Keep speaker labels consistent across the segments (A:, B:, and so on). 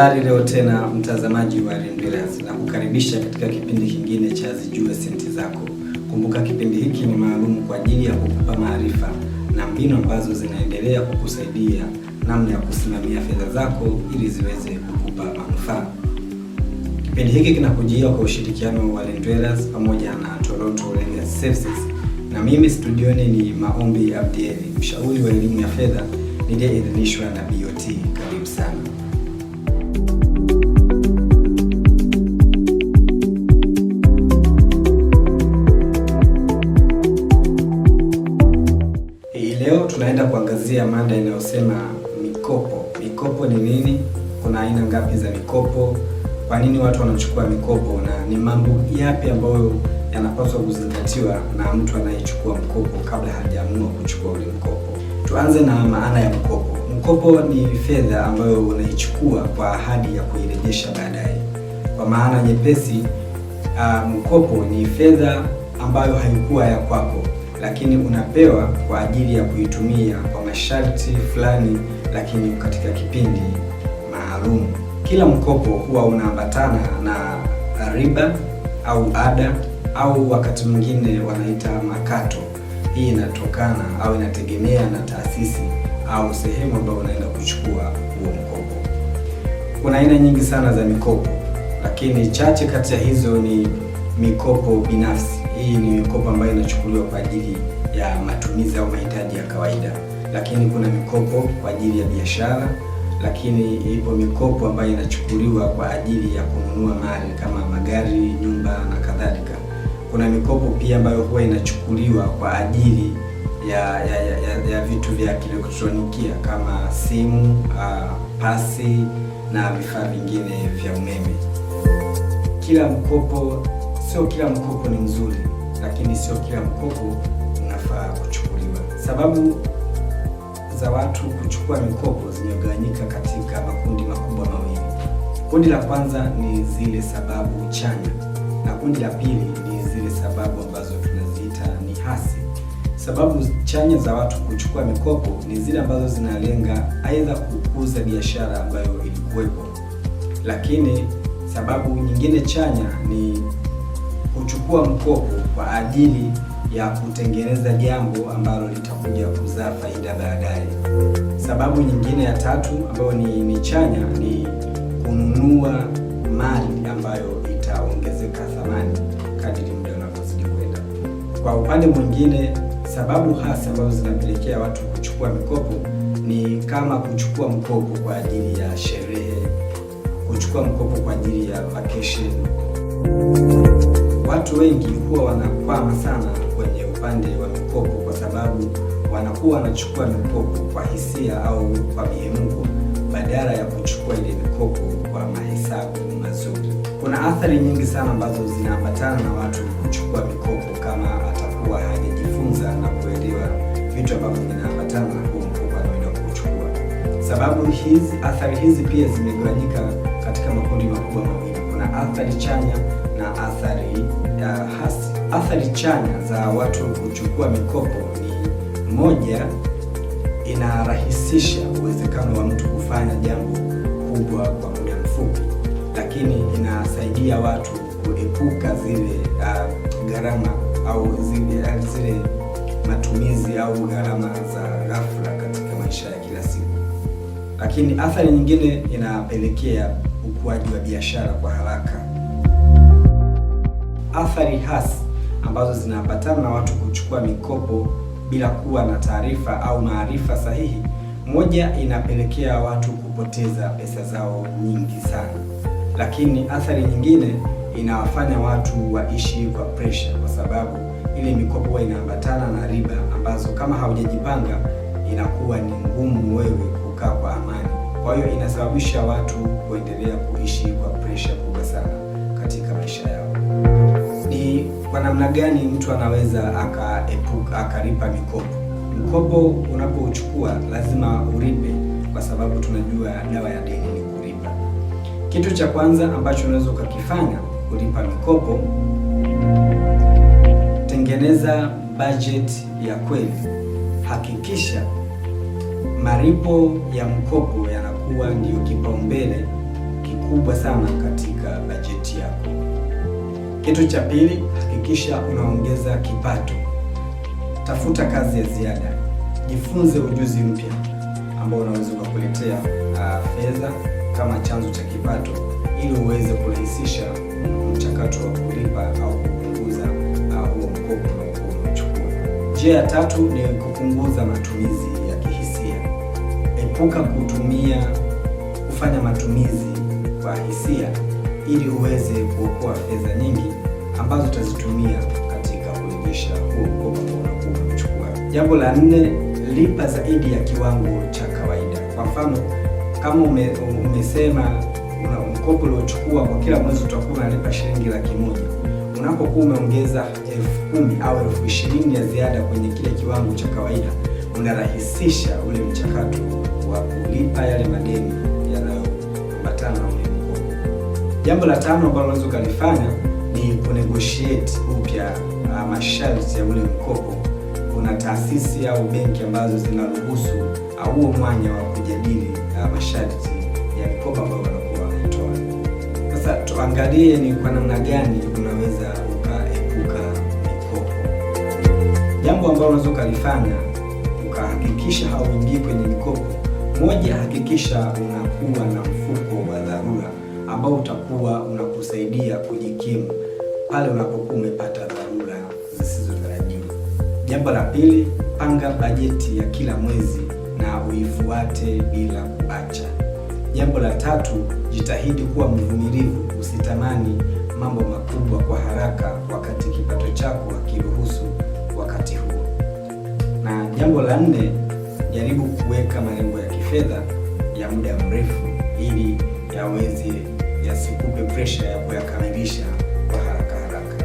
A: Habari leo tena, mtazamaji wa Rimdiras, na kukaribisha katika kipindi kingine cha Zijue Senti Zako. Kumbuka kipindi hiki ni maalum kwa ajili ya kukupa maarifa na mbinu ambazo zinaendelea kukusaidia namna ya kusimamia fedha zako ili ziweze kukupa manufaa. Kipindi hiki kinakujia kwa ushirikiano wa Rimdiras pamoja na Toronto Legacy Services, na mimi studioni ni Maombi Abdieli, mshauri wa elimu ya fedha niliyeidhinishwa na BOI. tunaenda kuangazia mada inayosema mikopo. Mikopo ni nini? Kuna aina ngapi za mikopo? Kwa nini watu wanachukua mikopo, na ni mambo yapi ambayo yanapaswa kuzingatiwa na mtu anayechukua mkopo kabla hajaamua kuchukua ule mkopo? Tuanze na maana ya mkopo. Mkopo ni fedha ambayo unaichukua kwa ahadi ya kuirejesha baadaye. Kwa maana nyepesi, uh, mkopo ni fedha ambayo haikuwa ya kwako, lakini unapewa kwa ajili ya kuitumia kwa masharti fulani, lakini katika kipindi maalum. Kila mkopo huwa unaambatana na riba au ada au wakati mwingine wanaita makato. Hii inatokana au inategemea na taasisi au sehemu ambayo unaenda kuchukua huo mkopo. Kuna aina nyingi sana za mikopo, lakini chache kati ya hizo ni mikopo binafsi hii ni mikopo ambayo inachukuliwa kwa ajili ya matumizi au mahitaji ya kawaida, lakini kuna mikopo kwa ajili ya biashara, lakini ipo mikopo ambayo inachukuliwa kwa ajili ya kununua mali kama magari, nyumba na kadhalika. Kuna mikopo pia ambayo huwa inachukuliwa kwa ajili ya ya, ya, ya vitu vya kielektroniki kama simu, uh, pasi na vifaa vingine vya umeme. Kila mkopo Sio kila mkopo ni mzuri, lakini sio kila mkopo unafaa kuchukuliwa. Sababu za watu kuchukua mikopo zimegawanyika katika makundi makubwa mawili. Kundi la kwanza ni zile sababu chanya na kundi la pili ni zile sababu ambazo tunaziita ni hasi. Sababu chanya za watu kuchukua mikopo ni zile ambazo zinalenga aidha kukuza biashara ambayo ilikuwepo, lakini sababu nyingine chanya ni kuchukua mkopo kwa ajili ya kutengeneza jambo ambalo litakuja kuzaa faida baadaye. Sababu nyingine ya tatu ambayo ni, ni chanya ni kununua mali ambayo itaongezeka thamani kadiri muda unavyozidi kwenda. Kwa upande mwingine, sababu hasa ambazo zinapelekea watu kuchukua mikopo ni kama kuchukua mkopo kwa ajili ya sherehe, kuchukua mkopo kwa ajili ya vacation. Watu wengi huwa wanakwama sana kwenye upande wa mikopo kwa sababu wanakuwa wanachukua mikopo kwa hisia au kwa mihemko badala ya kuchukua ile mikopo kwa mahesabu mazuri. Kuna athari nyingi sana ambazo zinaambatana na watu kuchukua mikopo kama atakuwa hajajifunza na kuelewa vitu ambavyo vinaambatana na huo mkopo anaenda kuchukua. Sababu hizi, athari hizi pia zimegawanyika katika makundi makubwa mawili na athari chanya na athari uh, hasi. athari chanya za watu kuchukua mikopo ni moja, inarahisisha uwezekano wa mtu kufanya jambo kubwa kwa muda mfupi, lakini inasaidia watu kuepuka zile uh, gharama au zile, uh, zile matumizi au gharama za ghafla katika maisha ya kila siku. Lakini athari nyingine inapelekea ukuaji wa biashara kwa haraka. Athari hasi ambazo zinaambatana na watu kuchukua mikopo bila kuwa na taarifa au maarifa sahihi. Moja, inapelekea watu kupoteza pesa zao nyingi sana, lakini athari nyingine inawafanya watu waishi kwa pressure, kwa sababu ile mikopo inaambatana na riba ambazo kama haujajipanga inakuwa ni ngumu wewe kukaa kwa amani. Kwa hiyo inasababisha watu kuendelea kuishi kwa pressure kubwa sana katika maisha yao. Ni kwa namna gani mtu anaweza akaepuka akalipa mikopo? Mkopo unapochukua lazima ulipe, kwa sababu tunajua dawa ya deni ni kulipa. Kitu cha kwanza ambacho unaweza ukakifanya kulipa mikopo, tengeneza budget ya kweli. Hakikisha malipo ya mkopo yanakuwa ndiyo kipaumbele kubwa sana katika bajeti yako. Kitu cha pili, hakikisha unaongeza kipato. Tafuta kazi ya ziada, jifunze ujuzi mpya ambao unaweza kukuletea uh, fedha kama chanzo cha kipato, ili uweze kurahisisha mchakato wa kulipa au kupunguza ah, huo uh, mkopo unaochukua. Njia ya tatu ni kupunguza matumizi ya kihisia. Epuka kutumia kufanya matumizi kwa hisia ili uweze kuokoa fedha nyingi ambazo utazitumia katika kurejesha huo mkopo unakuwa umechukua. Jambo la nne, lipa zaidi ya kiwango cha kawaida. Kwa mfano kama ume, umesema una mkopo uliochukua kwa kila mwezi utakuwa unalipa shilingi laki moja unapokuwa umeongeza elfu kumi au elfu ishirini ya ziada kwenye kile kiwango cha kawaida, unarahisisha ule mchakato wa kulipa yale madeni. Jambo la tano ambalo unaweza ukalifanya ni kunegotiate upya uh, masharti ya ule mkopo. Kuna taasisi au benki ambazo zinaruhusu au uh, mwanya wa kujadili uh, masharti ya mkopo ambao wanakuwa wanatoa. Sasa tuangalie ni kwa namna gani unaweza ukaepuka mikopo. Jambo ambalo unaweza ukalifanya ukahakikisha hauingii kwenye mikopo, moja, hakikisha unakuwa na mfuko wa dharura ambao utakuwa unakusaidia kujikimu pale unapokuwa umepata dharura zisizotarajiwa. Jambo la pili, panga bajeti ya kila mwezi na uifuate bila kuacha. Jambo la tatu, jitahidi kuwa mvumilivu, usitamani mambo makubwa kwa haraka wakati kipato chako hakiruhusu wakati huo. Na jambo la nne, jaribu kuweka malengo ya kifedha ya muda mrefu ili yaweze yasikupe pressure ya kuyakamilisha kwa haraka haraka.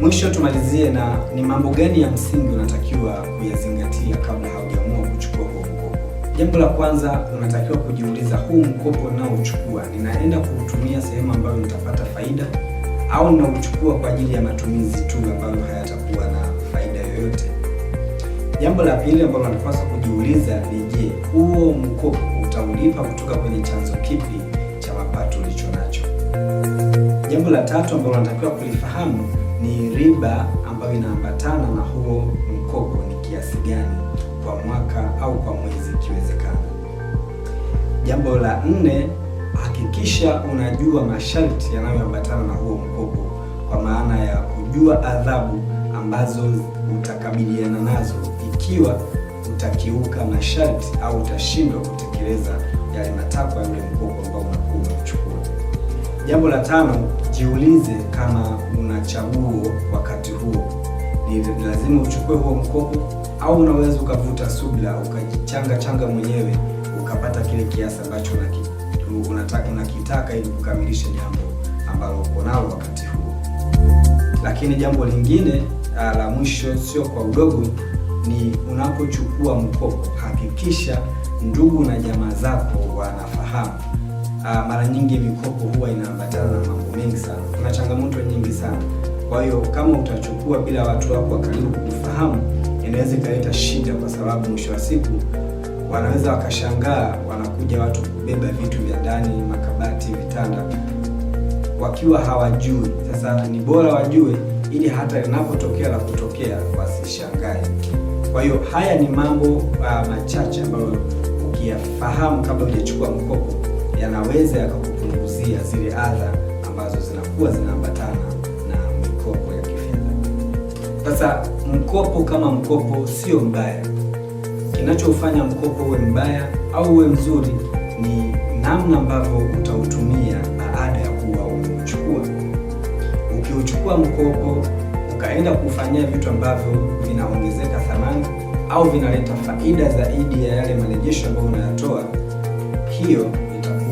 A: Mwisho tumalizie na ni mambo gani ya msingi unatakiwa kuyazingatia kabla haujaamua kuchukua huo mkopo. Jambo la kwanza unatakiwa kujiuliza, huu mkopo ninaochukua ninaenda kuutumia sehemu ambayo nitapata faida au ninauchukua kwa ajili ya matumizi tu ambayo hayatakuwa na faida yoyote? Jambo la pili ambalo unapaswa kujiuliza ni je, huo mkopo utaulipa kutoka kwenye chanzo kipi? Jambo la tatu ambalo natakiwa kulifahamu ni riba ambayo inaambatana na huo mkopo ni kiasi gani kwa mwaka au kwa mwezi ikiwezekana. Jambo la nne, hakikisha unajua masharti yanayoambatana na huo mkopo, kwa maana ya kujua adhabu ambazo utakabiliana nazo ikiwa utakiuka masharti au utashindwa kutekeleza yale matakwa ya ule mkopo ambao unakuwa unachukua. Jambo la tano, jiulize kama una chaguo wakati huo. Ni lazima uchukue huo mkopo au unaweza ukavuta subla ukachanga changa mwenyewe ukapata kile kiasi ambacho unakitaka unakitaka ili kukamilisha jambo ambalo uko nalo wakati huo. Lakini jambo lingine ah, la mwisho, sio kwa udogo, ni unapochukua mkopo hakikisha ndugu na jamaa zako wanafahamu uh, mara nyingi mikopo huwa inaambatana na mambo mengi sana, kuna changamoto nyingi sana. Kwa hiyo kama utachukua bila watu wako wa karibu kufahamu, inaweza ikaleta shida, kwa sababu mwisho wa siku wanaweza wakashangaa, wanakuja watu kubeba vitu vya ndani, makabati, vitanda, wakiwa hawajui. Sasa ni bora wajue, ili hata linapotokea la kutokea wasishangae. Kwa hiyo haya ni mambo uh, machache ambayo ukiyafahamu kabla hujachukua mkopo yanaweza yakakupunguzia zile adha ambazo zinakuwa zinaambatana na mikopo ya kifedha. Sasa mkopo kama mkopo sio mbaya. Kinachofanya mkopo uwe mbaya au uwe mzuri ni namna ambavyo utautumia baada ya kuwa umeuchukua. Ukiuchukua mkopo ukaenda kufanyia vitu ambavyo vinaongezeka thamani au vinaleta faida zaidi ya yale marejesho ambayo unayatoa, hiyo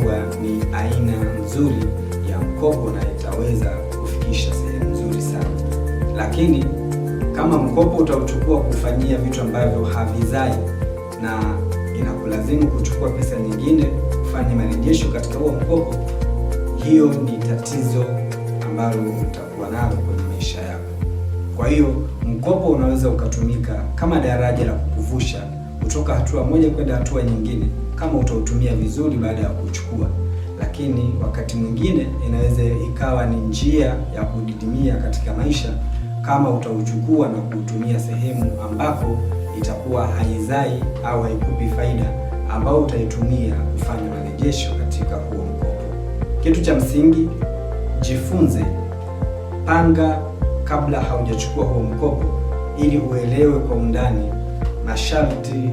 A: kuwa ni aina nzuri ya mkopo na itaweza kufikisha sehemu nzuri sana, lakini kama mkopo utauchukua kufanyia vitu ambavyo havizai na inakulazimu kuchukua pesa nyingine kufanya marejesho katika huo mkopo, hiyo ni tatizo ambalo utakuwa nalo kwenye maisha yako. Kwa hiyo mkopo unaweza ukatumika kama daraja la kukuvusha kutoka hatua moja kwenda hatua nyingine, kama utautumia vizuri baada ya kuchukua. Lakini wakati mwingine inaweza ikawa ni njia ya kudidimia katika maisha, kama utauchukua na kuutumia sehemu ambapo itakuwa haizai au haikupi faida ambao utaitumia kufanya marejesho katika huo mkopo. Kitu cha msingi, jifunze, panga kabla haujachukua huo mkopo, ili uelewe kwa undani masharti,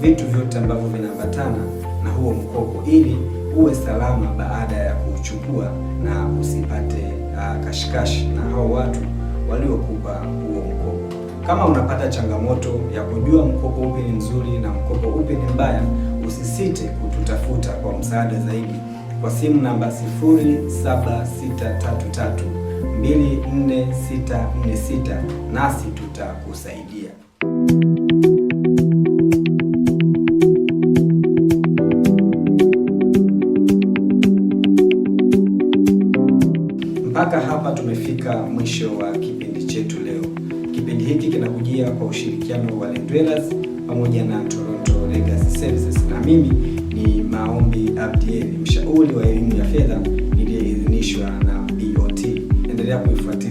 A: vitu vyote ambavyo vinaambatana na huo mkopo, ili uwe salama baada ya kuchukua na usipate uh, kashikashi na hao watu waliokupa huo mkopo. Kama unapata changamoto ya kujua mkopo upi ni mzuri na mkopo upi ni mbaya, usisite kututafuta kwa msaada zaidi kwa simu namba 0763324646 nasi tutakusaidia. tumefika mwisho wa kipindi chetu leo. Kipindi hiki kinakujia kwa ushirikiano wa Lendwellers pamoja na Toronto Legacy Services, na mimi ni Maombi Abdiel, mshauri wa elimu ya fedha niliyeidhinishwa na BOT. E Endelea kuifuatilia